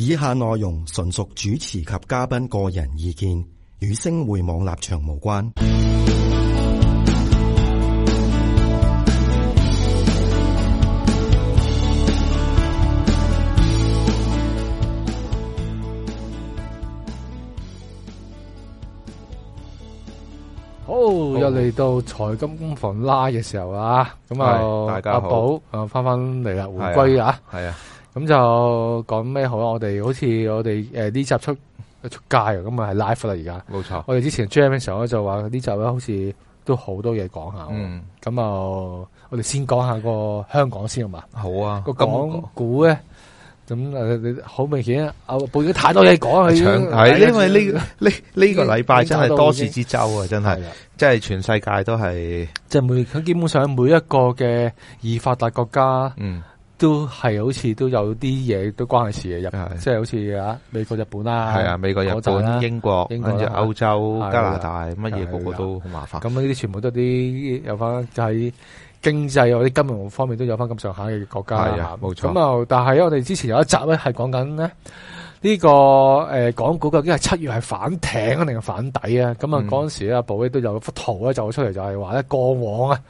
以下內容純屬主持及嘉賓個人意見，與星匯網立場無關。好，好又嚟到財金工房拉嘅時候，大家阿寶啊，咁啊，阿寶啊，翻翻嚟啦，回歸啊，係啊。咁就講咩好啦？我哋好似我哋誒呢集出出街啊，咁啊係 live 啦而家。冇錯，我哋之前 join 嘅時候咧就話呢集咧好似都好多嘢講下。嗯，咁啊，我哋先講下個香港先啊嘛。好啊，個港股咧，咁、那、好、個嗯、明顯啊，報太多嘢講啊。係，因為呢呢呢個禮拜 真係多事之秋啊，真係，即、嗯、係全世界都係，即、就、係、是、每佢基本上每一個嘅二發達國家，嗯。都係好似都有啲嘢都關係事嘅，日即係好似啊美國、日本啦、啊，係啊美國、日本、啊、英國，跟住、啊、歐洲、加拿大，乜嘢個個都好麻煩。咁呢啲全部都啲有翻就喺經濟或者金融方面都有翻咁上下嘅國家啦，冇錯。咁啊，但係我哋之前有一集咧係講緊呢呢個、呃、港股究竟係七月係反艇啊定係反底啊？咁啊嗰時啊，布威都有幅圖咧就出嚟，就係話咧過往啊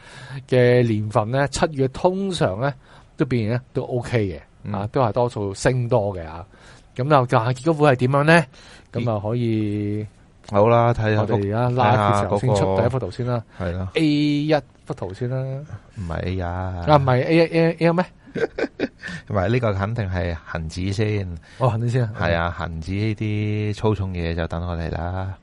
嘅年份咧七月通常咧。都變咧，都 OK 嘅，啊，都係多數升多嘅啊。咁又就結果會係點樣咧？咁啊可以好啦，睇下我哋而家拉嘅時候，先出第一幅圖先啦。係啦，A 一幅圖先啦，唔係 A 一，啊唔係 A 一 A A 咩？唔係呢個肯定係恒指先。哦，恒指先，係啊，恒指呢啲粗重嘢就等我哋嚟啦。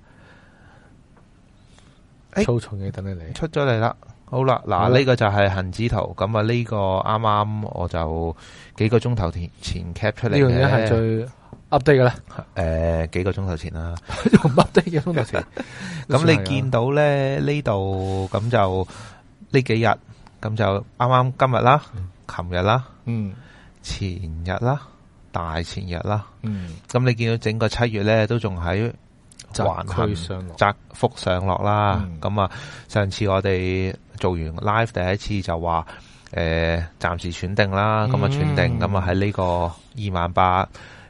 粗重嘢等你嚟，出咗嚟啦。好啦，嗱、這、呢個就係恒指圖，咁啊，呢個啱啱我就幾個鐘頭前 cap 出嚟，呢樣嘢係最 update 嘅啦。誒、呃，幾個鐘頭前啦，用 update 嘅鐘頭前。咁 你見到咧呢度咁 就呢幾日，咁就啱啱今日啦、琴日啦、嗯、前日啦、大前日啦，嗯。咁你見到整個七月咧都仲喺橫行、窄幅上落啦。咁、嗯、啊，上次我哋。做完 live 第一次就話，誒、呃，暫時選定啦，咁、嗯嗯、啊，選定，咁啊喺呢個二萬八、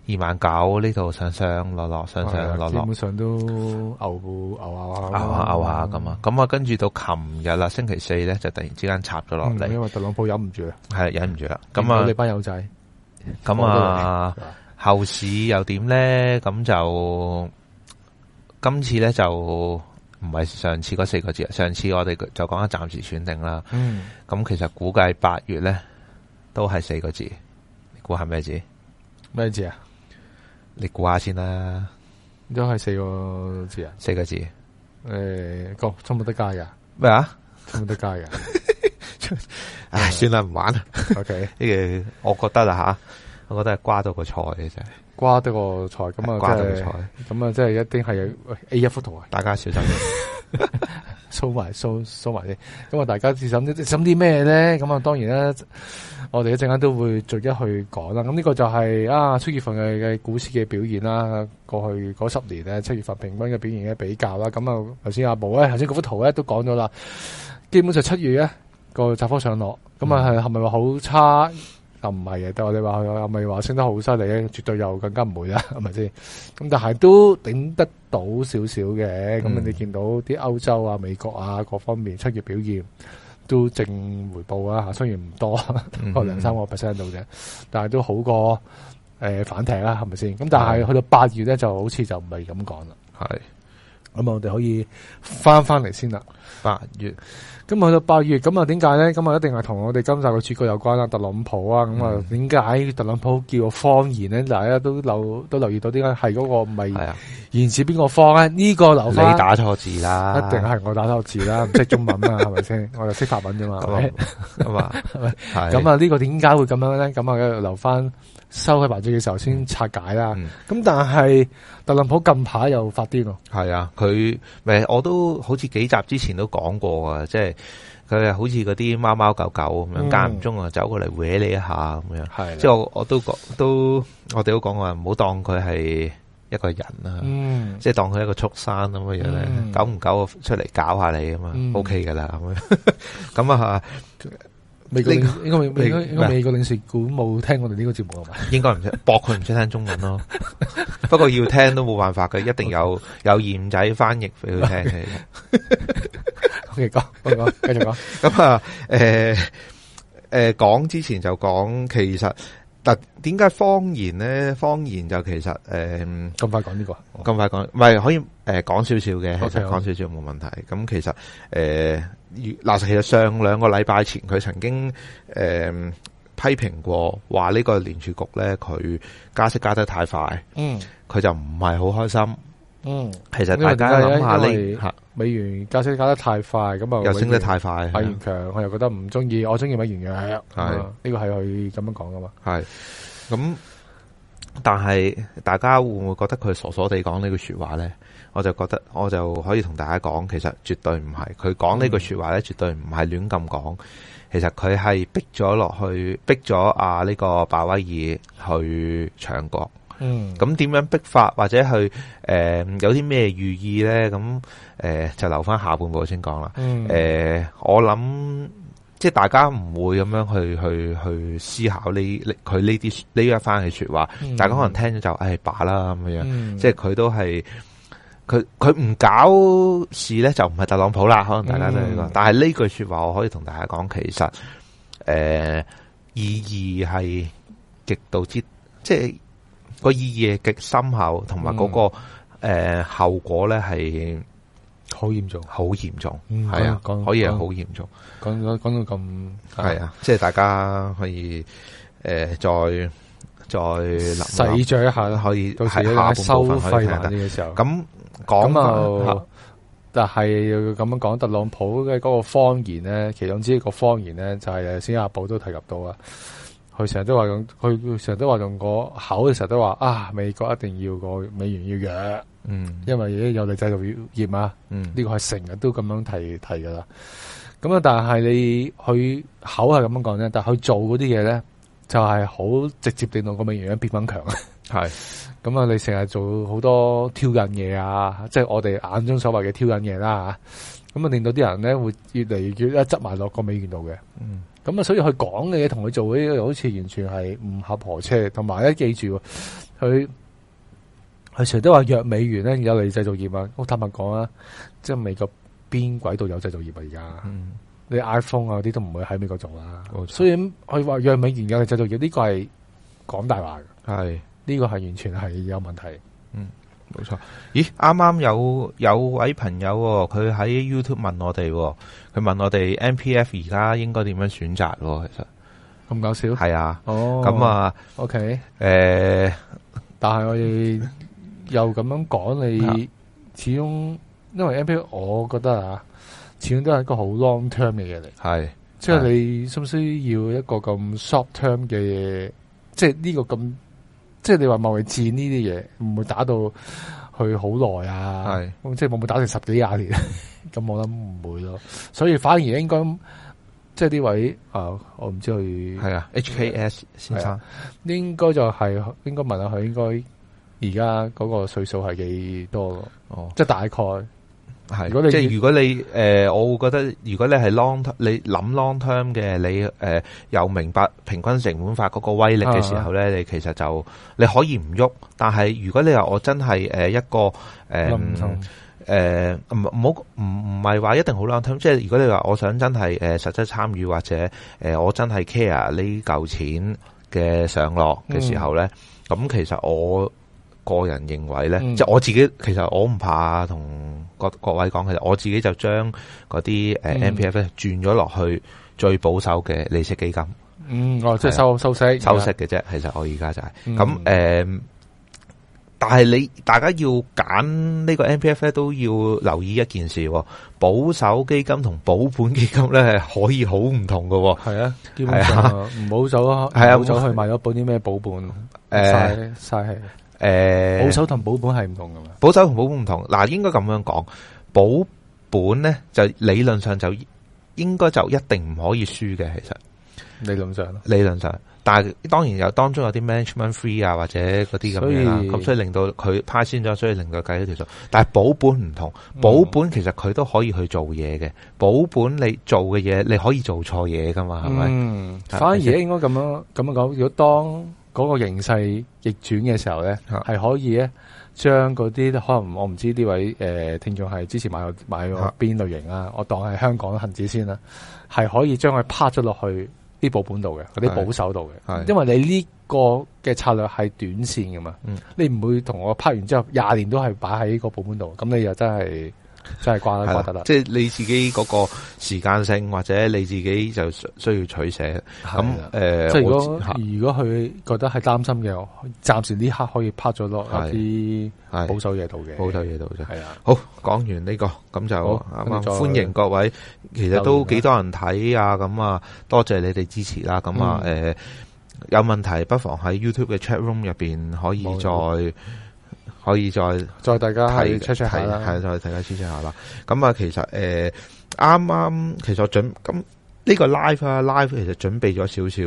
二萬九呢度上上落落，上上落落，基本上都牛牛下牛下牛下咁啊，咁啊，跟住、啊啊啊、到琴日啦，星期四咧就突然之間插咗落嚟，因為特朗普忍唔住啦，係忍唔住啦，咁啊，你班友仔，咁啊，後市又點咧？咁就今次咧就。唔係上次嗰四個字，上次我哋就講啦，暫時選定啦。嗯，咁其實估計八月咧都係四個字，你估係咩字？咩字啊？你估下先啦。都係四個字啊？四個字。誒、哎，哥，差冇得加噶。咩啊？差冇得加噶。唉、 哎 哎，算啦，唔 玩啦了。 OK，呢 個我覺得啦吓、啊，我覺得係瓜到個菜嘅啫。瓜得個菜咁，就是 哦、 啊！瓜得咁啊！即係一定係 A 一幅圖啊！大家小心，收埋收收埋啲。咁啊，大家自諗啲，啲咩咧？咁啊，當然啦，我哋一陣間都會逐一去講啦。咁呢個就係啊，七月份嘅嘅股市嘅表現啦。過去嗰十年咧，七月份平均嘅表現嘅比較啦。咁啊，頭先阿寶咧，頭先嗰幅圖咧都講咗啦。基本上七月咧個集科上落，咁啊係係咪話好差？嗯又唔係嘅，但係我哋話又唔係話升得好犀利咧，絕對又更加唔會啦，係咪先？咁但係都頂得到少少嘅，咁、嗯、你見到啲歐洲啊、美國啊各方面七月表現都正回報啊，吓雖然唔多，可能兩三個 percent 度嘅，但係都好過誒、呃、反艇啦，係咪先？咁但係去到八月咧，就好似就唔係咁講啦，係咁啊，我哋可以翻翻嚟先啦，八月。今日去到八月，咁啊點解咧？咁啊一定係同我哋今集嘅主角有關啦，特朗普啊，咁啊點解特朗普叫個荒言咧？大家都留都留意到，點解係嗰個唔係言辭邊個方咧、啊？呢、這個留你打錯字啦，一定係我打錯字啦，唔 識中文啊，係咪先？我又識法文啫嘛，係、嗯、嘛？咁 啊呢個點解會咁樣咧？咁啊留翻收喺埋最嘅時候先拆解啦、啊。咁、嗯、但係特朗普近排又發癲咯，係啊，佢我都好似幾集之前都講過啊，即係。佢啊，好似嗰啲貓貓狗狗咁樣，間唔中啊走過嚟搲你一下咁樣。係，即係我我都講，都我哋都講話唔好當佢係一個人啊，即係當佢一個畜生咁嘅樣咧。久唔久出嚟搞下你啊嘛，OK 噶啦咁樣。咁啊吓，美，應該美，應該應該美國領事館冇聽我哋呢個節目啊嘛？應該唔識，博佢唔識聽中文咯。不過要聽都冇辦法，佢一定有有賢仔翻譯俾佢聽嘅。繼、okay, 講、 嗯，繼續講。咁、呃、啊，誒誒，講之前就講，其實但點解謊言咧？謊言就其實誒，咁、呃、快講呢、這個？咁快講，唔係可以誒講少少嘅，其實講少少冇問題。咁其實誒，嗱，其實上兩個禮拜前，佢曾經誒、呃、批評過，話呢個聯儲局咧，佢加息加得太快，嗯，佢就唔係好開心。嗯，其實大家諗下呢，美元加息加得太快，咁啊又升得太快，美元強，我又覺得唔中意，我中意美元弱。係啊，呢個係佢咁樣講噶嘛。係，咁但係大家會唔會覺得佢傻傻地講呢句說話咧？我就覺得我就可以同大家講，其實絕對唔係，佢講呢句說話咧，絕對唔係亂咁講。其實佢係逼咗落去，逼咗啊呢、這個鮑威爾去搶國。嗯，咁點樣逼法或者去誒、呃、有啲咩寓意咧？咁誒、呃、就留翻下半部先講啦。誒、嗯呃，我諗即係大家唔會咁樣去去去思考呢佢呢啲呢一番嘅說話，大、嗯、家可能聽咗就誒罷啦咁樣，嗯、即係佢都係佢佢唔搞事咧，就唔係特朗普啦。可能大家都係個、嗯，但係呢句說話，我可以同大家講，其實誒、呃、意義係極度之即係。個意義極深厚，同埋嗰個誒、嗯呃、後果咧係好嚴重，好嚴重，係、嗯、啊，可以係好嚴重。講到講到咁，係啊，啊，即係大家可以誒、呃、再再細嚼一,一下可以到時下到收費嗰啲嘅時候咁講、嗯、啊。但係咁樣講，特朗普嘅嗰個謊言咧，其中之一個謊言咧，就係誒斯亞都提及到啊。佢成日都話用，佢成日都話用個口嘅時候都話啊，美國一定要個美元要弱，嗯，因為有有利製造業啊，嗯，呢個係成日都咁樣提提噶啦。咁啊，但係你去口係咁樣講啫，但係佢做嗰啲嘢咧就係好直接令到個美元變返強係，咁啊， 你成日做好多挑釁嘢啊，即係我哋眼中所謂嘅挑釁嘢啦吓，咁啊令到啲人咧會越嚟越執執埋落個美元度嘅，嗯。咁啊，所以佢講嘅嘢同佢做嗰啲，好似完全係唔合婆車。同埋咧，記住佢，佢成日都話弱美元咧有利製造業啊。我坦白講啊，即係美國邊鬼度有製造業啊？而、嗯、家你 iPhone 啊啲都唔會喺美國做啦。所以佢話弱美元有利製造業，呢、這個係講大話嘅。係呢、這個係完全係有問題。嗯。冇錯，咦，啱啱有有位朋友佢、喔、喺 YouTube 問我哋、喔，佢問我哋 M P F 而家應該點樣選擇、喔？其實咁搞笑，係啊，哦，咁啊，O K，誒，但係我哋又咁樣講， 你始終因為 M P F，我覺得啊，始終都係一個好 long term 嘅嘢嚟，係，即係你需唔需要一個咁 short term 嘅嘢？即係呢個咁。即係你話貿易戰呢啲嘢，唔會打到去好耐啊？係，即係會唔會打成十幾廿年？咁我諗唔會咯。所以反而應該，即係呢位啊，我唔知佢係啊 HKS 先生，應該就係應該問下佢，應該而家嗰個歲數係幾多個？哦，即係大概。係，即係如果你誒、呃，我會覺得如果你係 long, ter, long term，你諗 long term 嘅，你誒、呃、又明白平均成本法嗰個威力嘅時候咧、啊，你其實就你可以唔喐。但係如果你話我真係誒一個誒誒唔唔好唔唔係話一定好 long term，即係如果你話我想真係誒、呃、實際參與或者誒、呃、我真係 care 呢嚿錢嘅上落嘅時候咧，咁、嗯、其實我。個人認為咧、嗯，即係我自己，其實我唔怕同各各位講，其實我自己就將嗰啲誒 M P F 轉咗落去最保守嘅利息基金。嗯，哦，即係收、啊、收息，收息嘅啫。其實我而家就係咁誒，但係你大家要揀呢個 M P F 咧，都要留意一件事，保守基金同保本基金咧係可以好唔同噶。係啊，基本上唔好、啊、走，係啊，唔好走去買咗保啲咩保本誒，嘥、嗯、氣。誒，保守同保本係唔同噶嘛？保守同保本唔同，嗱，應該咁樣講，保本咧就理論上就應該就一定唔可以輸嘅。其實理論上，理論上，但係當然有當中有啲 management fee 啊，或者嗰啲咁樣，咁所以令到佢派先咗，所以令到佢計咗條數。但係保本唔同，保本其實佢都可以去做嘢嘅，嗯，保本你做嘅嘢你可以做錯嘢噶嘛？係咪？嗯，是是反而咧應該咁樣咁樣講，如果當。嗰、那個形勢逆轉嘅時候咧，係可以咧將嗰啲可能我唔知呢位誒、呃、聽眾係之前買過買過邊類型啊，我當係香港恆指先啦，係可以將佢拋咗落去啲保本度嘅嗰啲保守度嘅，因為你呢個嘅策略係短線㗎嘛，嗯、你唔會同我拋完之後廿年都係擺喺個保本度，咁你又真係。真係掛得掛得啦！即係、就是、你自己嗰個時間性，或者你自己就需要取捨。咁誒、呃，即係如果如果佢覺得係擔心嘅，暫時呢刻可以拍咗落啲保守嘢度嘅，保守嘢度啫。係啊，好，講完呢、這個，咁就咁就歡迎各位，其實都幾多人睇啊！咁啊，多謝你哋支持啦！咁啊，誒、嗯啊呃，有問題不妨喺 YouTube 嘅 Chat Room 入邊可以再。可以再再大家睇出出下啦，係再大家 check check 下啦。咁啊，其實，誒，啱、呃、啱其實我準咁呢個 live 啊，live 其實準備咗少少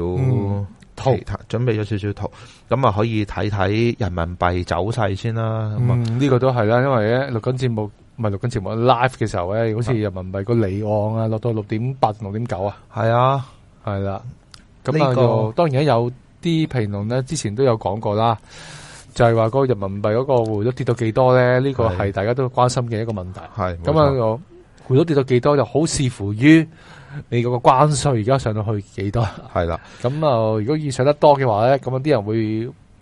圖、嗯，準備咗少少圖，咁啊可以睇睇人民幣走勢先啦。嗯、呢、嗯這個都係啦，因為咧錄緊節目，唔係錄緊節目 live 嘅時候咧，好似人民幣個離岸、嗯、啊，落到六點八六點九啊，係啊、這個，係啦。咁呢個，當然有啲評論咧，之前都有講過啦。就係、是、話個人民幣嗰個匯率跌到幾多咧？呢、這個係大家都關心嘅一個問題。係咁啊，個匯率跌到幾多就好視乎於你嗰個關稅而家上到去幾多。係啦，咁啊，如果遇上得多嘅話咧，咁啊啲人會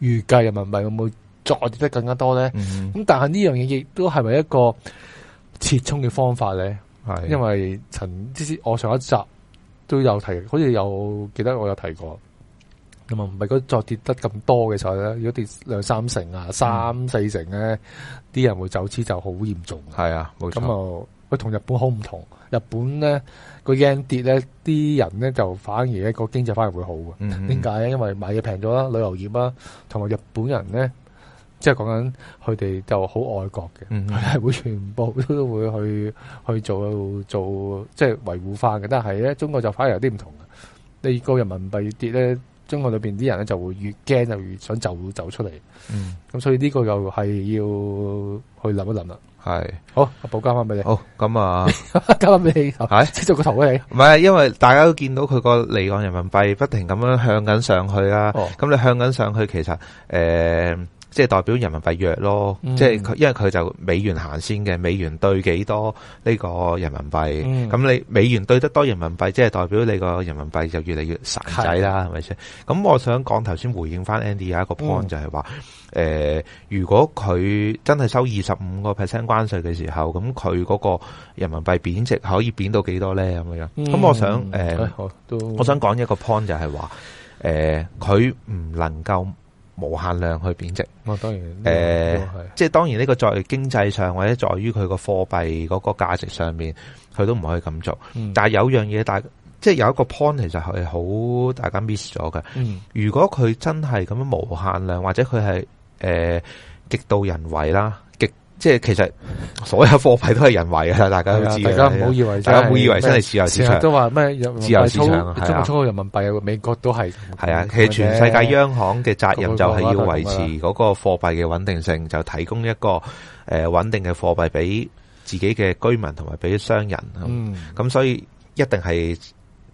預計人民幣會唔會再跌得更加多咧？咁、嗯嗯、但係呢樣嘢亦都係咪一個切沖嘅方法咧？係因為陳，我上一集都有提，好似有記得我有提過。咁啊，唔係嗰再跌得咁多嘅時候咧，如果跌兩三成啊、三四成咧，啲人會走資就好嚴重。係啊，冇錯。咁啊，佢同日本好唔同。日本咧，個 yen 跌咧，啲人咧就反而咧個經濟反而會好嘅。點解咧？因為買嘢平咗啦，旅遊業啦、啊，同埋日本人咧，即係講緊佢哋就好愛國嘅，係、嗯、會全部都會去去做做即係維護翻嘅。但係咧，中國就反而有啲唔同嘅。你個人民幣跌咧，中國裏邊啲人咧就會越驚就越想走走出嚟，咁所以呢個又係要去諗一諗啦。係，好，阿寶交翻俾你。好，咁啊，交翻俾你，係，即做個頭俾你。唔係，因為大家都見到佢個離岸人民幣不停咁樣向緊上去啦。咁你向緊上去，哦、上去其實誒。呃即係代表人民幣弱咯，即係佢，因為佢就美元行先嘅，美元兌幾多呢個人民幣？咁、嗯、你美元兌得多人民幣，即、嗯、係、就是、代表你個人民幣就越嚟越孱仔啦，係咪先？咁我想講頭先回應翻 Andy 有一個 point、嗯、就係、是、話、呃，如果佢真係收二十五個 percent 關稅嘅時候，咁佢嗰個人民幣貶值可以貶到幾多咧？咁樣，咁、嗯、我想、呃哎、我，我想講一個 point 就係、是、話，誒、呃，佢唔能夠。無限量去貶值，我、哦、當然，誒、呃嗯，即係當然呢個在經濟上或者在於佢個貨幣嗰個價值上面，佢都唔可以咁做。嗯、但係有樣嘢，大即係有一個 point 其實係好大家 miss 咗嘅。如果佢真係咁樣無限量，或者佢係誒極度人為啦。即係其實所有貨幣都係人為嘅，大家都知道。大家唔好以為，大家唔好以為真係自由市場。都話咩自由市場中沖人民幣美國都係。係啊，其實全世界央行嘅責任就係要維持嗰個貨幣嘅穩定性，就提供一個誒穩定嘅貨幣俾自己嘅居民同埋俾商人。咁、嗯、所以一定係。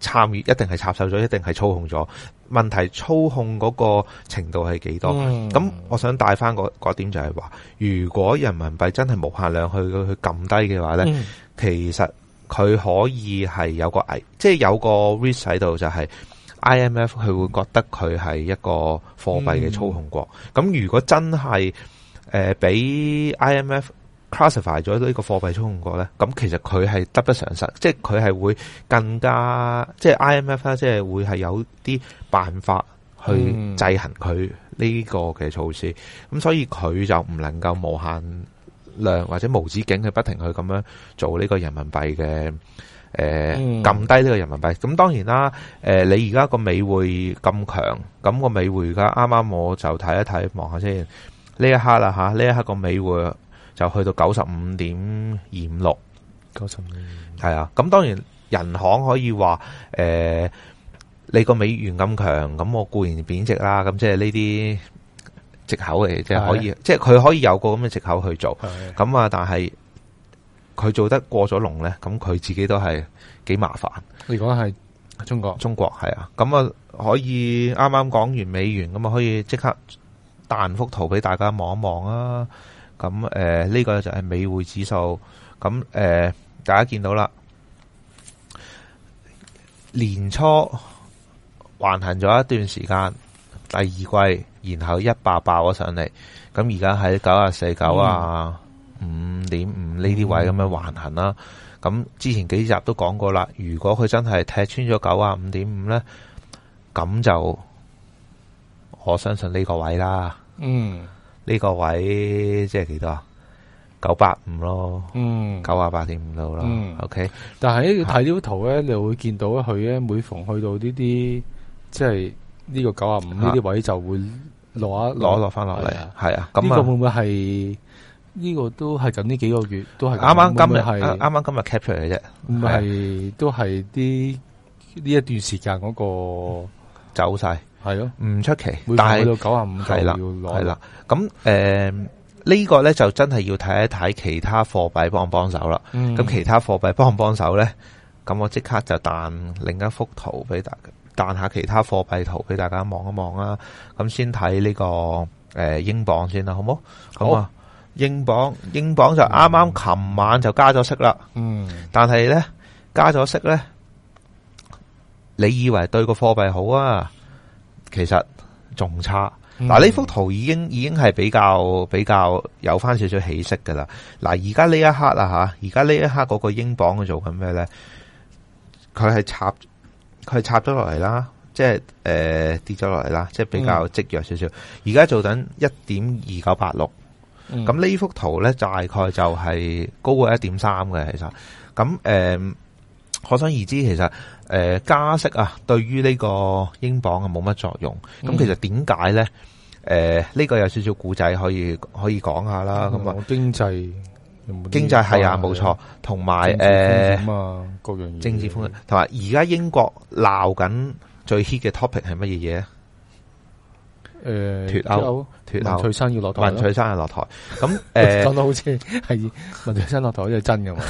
參與一定係插手咗，一定係操控咗。問題，操控嗰個程度係幾多？咁、嗯、我想帶翻個個點就係話，如果人民幣真係無限量去去撳低嘅話呢、嗯，其實佢可以係有個危，即、就、係、是、有個 risk 喺度，就係 IMF 佢會覺得佢係一個貨幣嘅操控國。咁、嗯、如果真係誒俾 IMF。classify 咗呢個貨幣操控國咧，咁其實佢係得不償失，即係佢係會更加，即係 IMF 啦，即係會係有啲辦法去制衡佢呢個嘅措施，咁、嗯、所以佢就唔能夠無限量或者無止境去不停去咁樣做呢個人民幣嘅誒撳低呢個人民幣。咁、嗯、當然啦，誒、呃、你而家個美匯咁強，咁個美匯而家啱啱我就睇一睇望下先，呢一刻啦吓，呢一刻個美匯。就去到九十五點二五六，九十五。係啊，咁當然人行可以話，誒、呃，你個美元咁強，咁我固然貶值啦，咁即係呢啲藉口嘅即係可以，就是、即係佢可以有個咁嘅藉口去做，咁啊，但係佢做得過咗龍咧，咁佢自己都係幾麻煩。如果係中國，中國係啊，咁啊可以啱啱講完美元，咁啊可以即刻彈幅圖俾大家望一望啊。咁誒，呢個就係美匯指數。咁誒，大家見到啦，年初橫行咗一段時間，第二季然後一爆爆咗上嚟。咁而家喺九啊四九啊五點五呢啲位咁樣橫行啦。咁、嗯、之前幾集都講過啦，如果佢真係踢穿咗九啊五點五呢，咁就我相信呢個位啦。嗯。呢、這個位即係幾多啊？九百五咯，嗯，九、嗯 okay? 啊八點五度啦。OK。但係睇呢幅圖咧，你會見到佢咧每逢去到呢啲，即係呢個九啊五呢啲位，就會落一落一落翻落嚟啊。係啊，咁啊，呢、啊這個會唔會係？呢、這個都係近呢幾個月都係啱啱今日係，啱啱今日 capture 嘅啫，唔係、啊、都係啲呢一段時間嗰、那個、嗯、走晒。係咯、啊，唔出奇，但係到九啊五係啦，係啦。咁誒、呢、呃這個咧就真係要睇一睇其他貨幣幫唔幫手啦。咁、嗯、其他貨幣幫唔幫手咧？咁我即刻就彈另一幅圖俾大家，彈下其他貨幣圖俾大家望一望啦。咁先睇呢、這個誒、呃、英鎊先啦，好冇？好、哦、啊，英鎊，英鎊就啱啱琴晚就加咗息啦。嗯，但係咧加咗息咧，你以為對個貨幣好啊？其實仲差嗱，呢幅圖已經已經係比較比較有翻少少起色噶啦。嗱，而家呢一刻啊吓，而家呢一刻嗰個英鎊佢做緊咩咧？佢係插佢係插咗落嚟啦，即係誒、呃、跌咗落嚟啦，即係比較積弱少少。而家做緊一點二九八六，咁、嗯、呢、嗯、幅圖咧大概就係高過一點三嘅其實。咁、嗯、誒，可想而知其實。誒、呃，加息啊，對於呢個英鎊啊冇乜作用。咁、嗯、其實點解咧？誒、呃，呢、這個有少少故仔可以可以講下啦。咁、嗯、啊，經濟有有經濟係啊，冇錯。同埋誒，啊，各樣嘢。政治風險同埋，而家英國鬧緊最 heat 嘅 topic 係乜嘢嘢？誒、呃，脫脫歐，脫歐脫歐翠山要落台，文翠山要落台。咁誒，講到好似係文翠山落台，台 那 呃、好似真㗎嘛。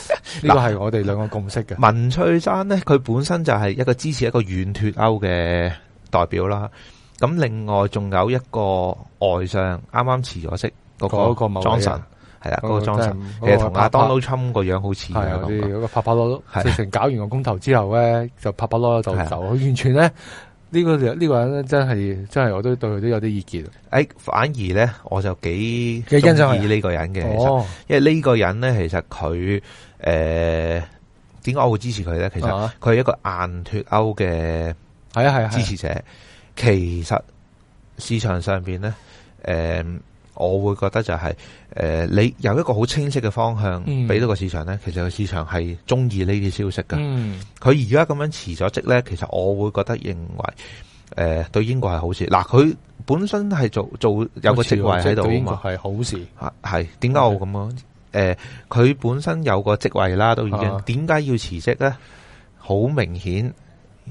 呢、這個係我哋兩個共識嘅。文翠山咧，佢本身就係一個支持一個軟脫歐嘅代表啦。咁另外仲有一個外相，啱啱辭咗職嗰個莊臣，係、那、啦、個，嗰、那個莊臣、那個就是、其實同阿、啊、Donald Trump 個樣好似嘅感覺。嗰個拍拍籮，直情搞完個公投之後咧，就拍拍籮就走，佢完全咧。呢、呢個呢個人真係真係，我都對佢都有啲意見、哎。反而呢，我就幾欣賞呢個人嘅。哦，因為呢個人呢，其實佢誒，點解我會支持佢呢？其實佢係一個硬脫歐嘅支持者。啊啊啊、其實市場上面呢、呃，我會覺得就係、是。誒、呃，你有一個好清晰嘅方向，俾到個市場咧、嗯，其實個市場係中意呢啲消息噶。佢而家咁樣辭咗職咧，其實我會覺得認為，誒、呃，對英國係好事。嗱，佢本身係做做有個職位喺度，係好事。係點解我咁樣？誒，佢、呃、本身有個職位啦，都已經，點解要辭職咧？好明顯。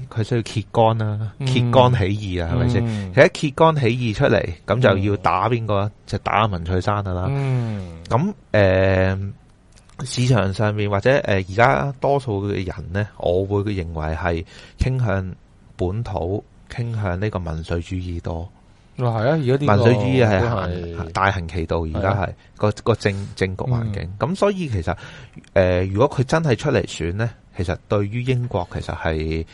佢需要揭竿啦、啊嗯，揭竿起義啊，係咪先？佢、嗯、一揭竿起義出嚟，咁就要打邊個、嗯？就打文翠山噶啦。咁、嗯、誒、呃，市場上面或者誒，而、呃、家多數嘅人咧，我會認為係傾向本土，傾向呢個民粹主義多。哇，係啊，而家啲民粹主義係行，大行其道現在是。而家係個個政政局環境，咁、嗯、所以其實誒、呃，如果佢真係出嚟選咧，其實對於英國其實係。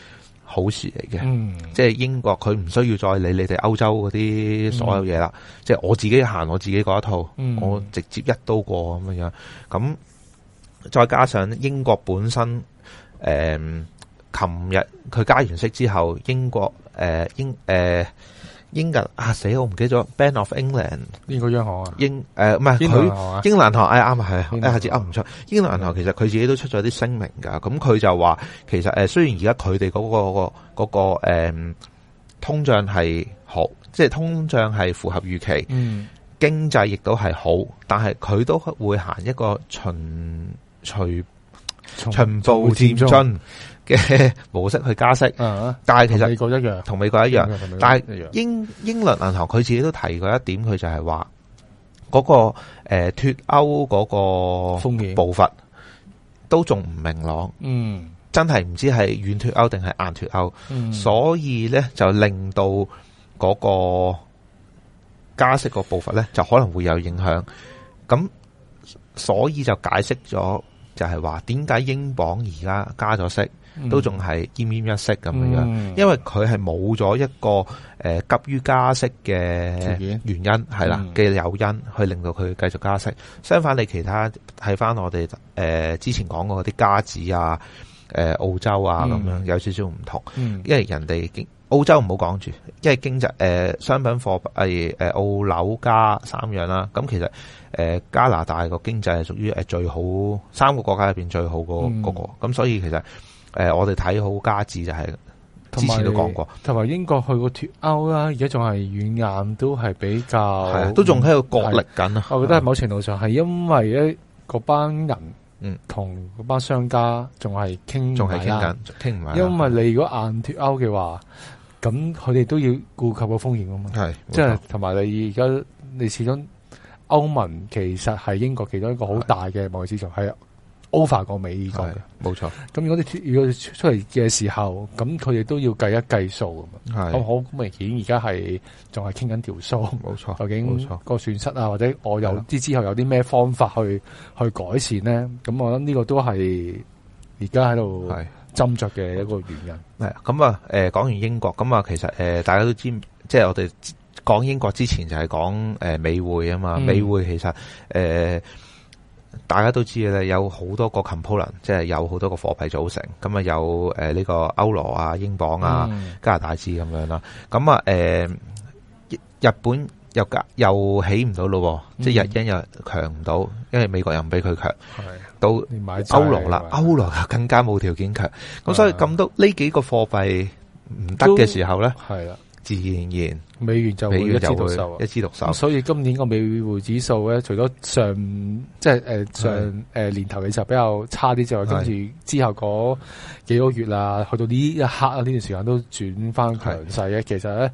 好事嚟嘅，嗯，即係英國佢唔需要再理你哋歐洲嗰啲所有嘢啦，嗯，即係我自己行我自己嗰一套，嗯，我直接一刀過咁樣，咁再加上英國本身，誒、呃，琴日，佢加完息之後，英國誒、呃，英誒。呃英格啊死我唔記得咗 Bank of England 邊個央行啊，英誒，唔係，佢英格蘭銀行啱啊係一、哎、下子噏唔出，英格蘭銀行其實佢自己都出咗啲聲明噶，咁佢就話其實誒、呃、雖然而家佢哋嗰個嗰、嗰個嗰個誒通脹係好，即係通脹係符合預期，嗯，經濟亦都係好，但係佢都會行一個循序。循步漸進嘅模式去加息，但係其實美國一樣，同美國一樣，但係英英倫銀行佢自己都提過一點，佢就係話嗰個誒脫歐嗰個步伐都仲唔明朗，嗯，真係唔知係軟脫歐定係硬脫歐，所以咧就令到嗰個加息個步伐咧就可能會有影響，咁所以就解釋咗。就係話點解英鎊而家加咗息，都仲係奄奄一息咁樣，嗯，因為佢係冇咗一個誒、呃、急於加息嘅原因係啦嘅誘因去令到佢繼續加息。相反，你其他睇翻我哋誒、呃、之前講過嗰啲加紙啊、誒、呃、澳洲啊咁樣有少少唔同，嗯嗯，因為人哋澳洲唔好講住，因為經濟誒、呃，商品貨幣誒，澳紐加三樣啦。咁其實誒、呃，加拿大個經濟係屬於誒最好，三個國家入邊最好個、那、嗰個。咁、嗯、所以其實誒、呃，我哋睇好加字就係，之前都講過。同埋英國去個脫歐啦，而家仲係軟硬都係比較，啊、都仲喺度角力緊啊。我覺得係某程度上係因為咧，嗰班人同嗰班商家仲係傾，仲係傾緊，傾唔埋。因為你如果硬脫歐嘅話。咁佢哋都要顧及個風險啊嘛，係即係同埋你而家你始終歐盟其實係英國其中一個好大嘅貿易市場，係啊 over 過美國嘅，冇錯。咁如果你，如果出嚟嘅時候，咁佢哋都要計一計數啊嘛。咁好明顯而家係仲係傾緊條數，冇錯。究竟冇錯個損失啊，或者我有啲之後有啲咩方法去去改善咧？咁我諗呢個都係而家喺度斟酌嘅一個原因。係咁啊，誒、嗯，講、嗯、完英國咁啊、嗯，其實誒、呃，大家都知，即係我哋講英國之前就係講誒美匯啊嘛。嗯、美匯其實誒、呃，大家都知嘅啦，有好多個 component，即係有好多個貨幣組成。咁啊，有誒呢個歐羅啊、英鎊啊、嗯、加拿大紙咁樣啦。咁、嗯、啊，誒、嗯嗯嗯，日本又隔又起唔到咯，即係日英又強唔到，因為美國又唔俾佢強。到歐羅啦、就是，歐羅更加冇條件強，咁所以咁多呢幾個貨幣唔得嘅時候咧，係啦，自然然。美元就會一枝獨秀一枝獨秀，嗯。所以今年個美匯指數咧，除咗上即係誒、呃、上誒、呃、年頭嘅時候比較差啲之外，跟住之後嗰幾個月啦，去到呢一刻啊呢段時間都轉翻強勢嘅。其實咧，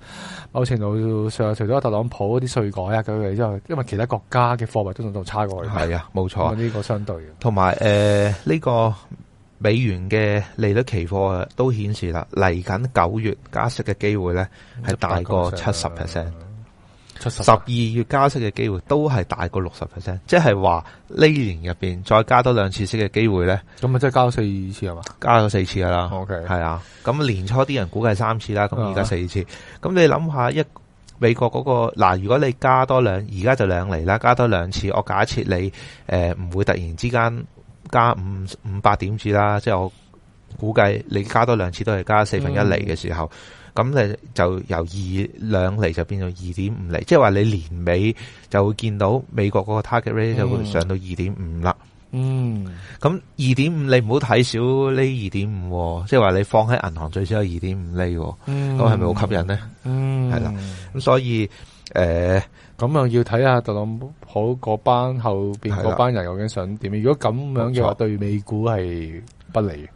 某程度上除咗特朗普嗰啲稅改啊咁樣，之後因為其他國家嘅貨幣都仲度差過嚟。係啊，冇錯，呢個相對嘅。同埋誒呢個。美元嘅利率期貨啊，都顯示啦，嚟緊九月加息嘅機會咧，係大過七十 percent。十二月加息嘅機會都係大過六十 percent，即係話呢年入邊再加多兩次息嘅機會咧。咁啊，即係加咗四次係嘛？加咗四次噶啦，OK，係啊。咁年初啲人估計三次啦，咁而家四次。咁、yeah. 你諗下一美國嗰、那個嗱，如果你加多兩，而家就兩厘啦，加多兩次。我假設你誒唔、呃、會突然之間。加五五百點子啦，即係我估計你加多兩次都係加四分一厘嘅時候，咁、嗯、你就由二兩厘就變到二點五厘，即係話你年尾就會見到美國嗰個 target rate 就會上到二點五啦。嗯，咁二點五你唔好睇少呢二點五，即係話你放喺銀行最少有二點五厘，咁係咪好吸引咧？嗯，係啦，咁、嗯嗯、所以。誒、呃，咁啊要睇下特朗普嗰班後邊嗰班人究竟想點？如果咁樣嘅話，對美股係不利，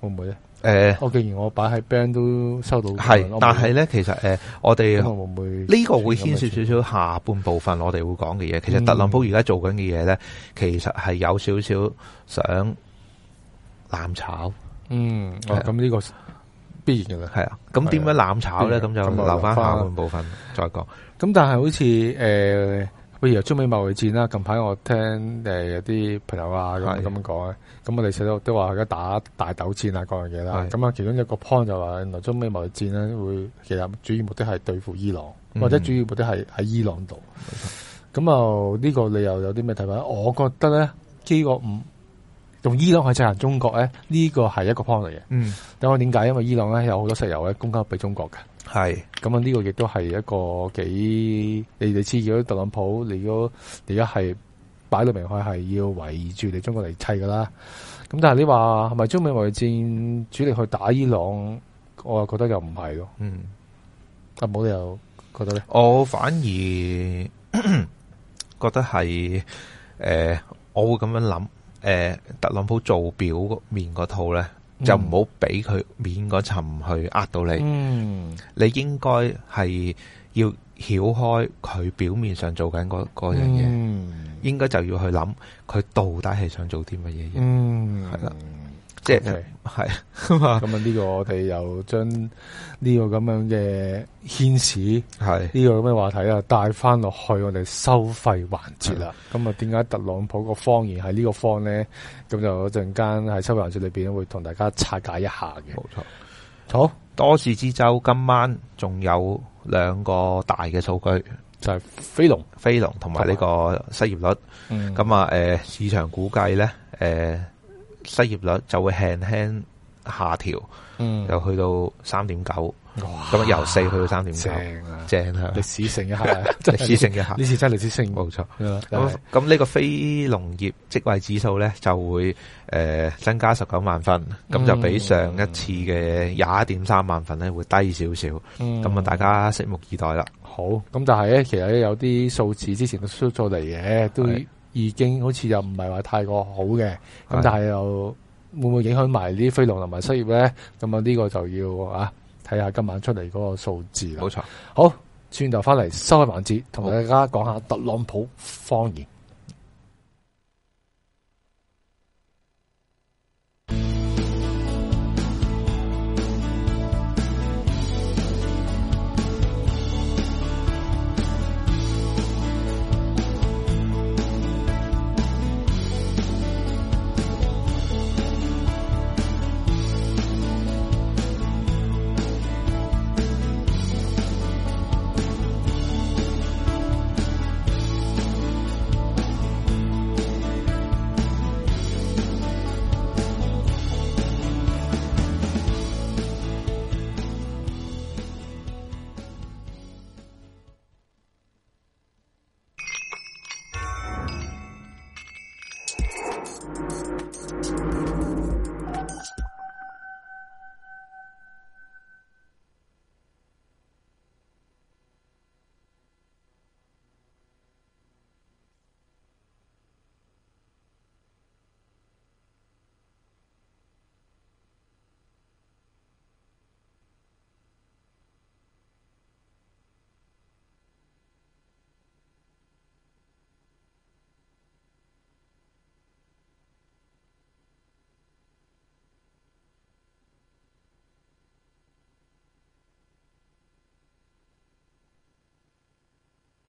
會唔會咧？誒、呃，我、哦、既然我擺喺 band 都收到，係，但係咧，其實誒、呃，我哋會唔會呢、這個會牽涉少，少少下半部分我哋會講嘅嘢？其實特朗普而家做緊嘅嘢咧，其實係有少少想攬炒，嗯，咁呢、嗯嗯嗯、個必然嘅啦，係啊。咁點樣攬炒咧？咁就留翻下半部分再講。嗯嗯咁但係好似誒，譬、呃、如中美貿易戰啦，近排我聽誒、呃、有啲朋友啊咁樣講，咁我哋細佬都話而家打大豆戰啊各樣嘢啦，咁啊其中一個 point 就話、是，原來中美貿易戰咧會其實主要目的係對付伊朗，嗯、或者主要目的係喺伊朗度。咁啊呢個你又有啲咩睇法？我覺得咧呢個五同伊朗去進行中國咧呢個係一個 point 嚟嘅。嗯，咁我點解？因為伊朗咧有好多石油咧供給俾中國嘅。係咁啊！呢個亦都係一個幾你哋知咗特朗普，你如果而家係擺到明開，係要圍住你中國嚟砌噶啦。咁但係你話係咪中美貿易戰主力去打伊朗？我覺覺得又唔係咯。嗯，阿冇又覺得咧？我反而覺得係誒、呃，我會咁樣諗誒、呃，特朗普做表面嗰套咧。就唔好俾佢面嗰層去呃到你、嗯，你應該係要撬開佢表面上做緊嗰嗰樣嘢，應該就要去諗佢到底係想做啲乜嘢嘢，係、嗯、啦。即係係，咁啊，呢個我哋又將呢個咁樣嘅牽使，係呢個咁嘅話題啊，帶翻落去我哋收費環節啦。咁啊，點解特朗普個荒言，喺呢個方咧？咁就一陣間喺收費環節裏邊，會同大家拆解一下嘅。冇錯，好多事之周，今晚仲有兩個大嘅數據，就係非農、非農同埋呢個失業率。咁啊，誒、嗯呃，市場估計咧，誒、呃。失業率就會輕輕下調，嗯，又去到三點九，哇！咁由四去到三點九，正啊，正啊，歷、啊、史性一、啊、 一下，歷史性一下，呢次真歷史性，冇錯。咁咁呢個非農業職位指數咧就會誒、呃、增加十九萬份，咁、嗯、就比上一次嘅廿一點三萬份咧會低少少，咁、嗯、啊大家拭目以待啦。好，咁但係咧，其實有啲數字之前都出咗嚟嘅，都。已經好似又唔係話太過好嘅，咁但係又會唔會影響埋啲非農同埋失業咧？咁啊呢個就要啊睇下今晚出嚟嗰個數字啦。冇錯。好，好轉頭翻嚟收個環節，同大家講下特朗普荒言。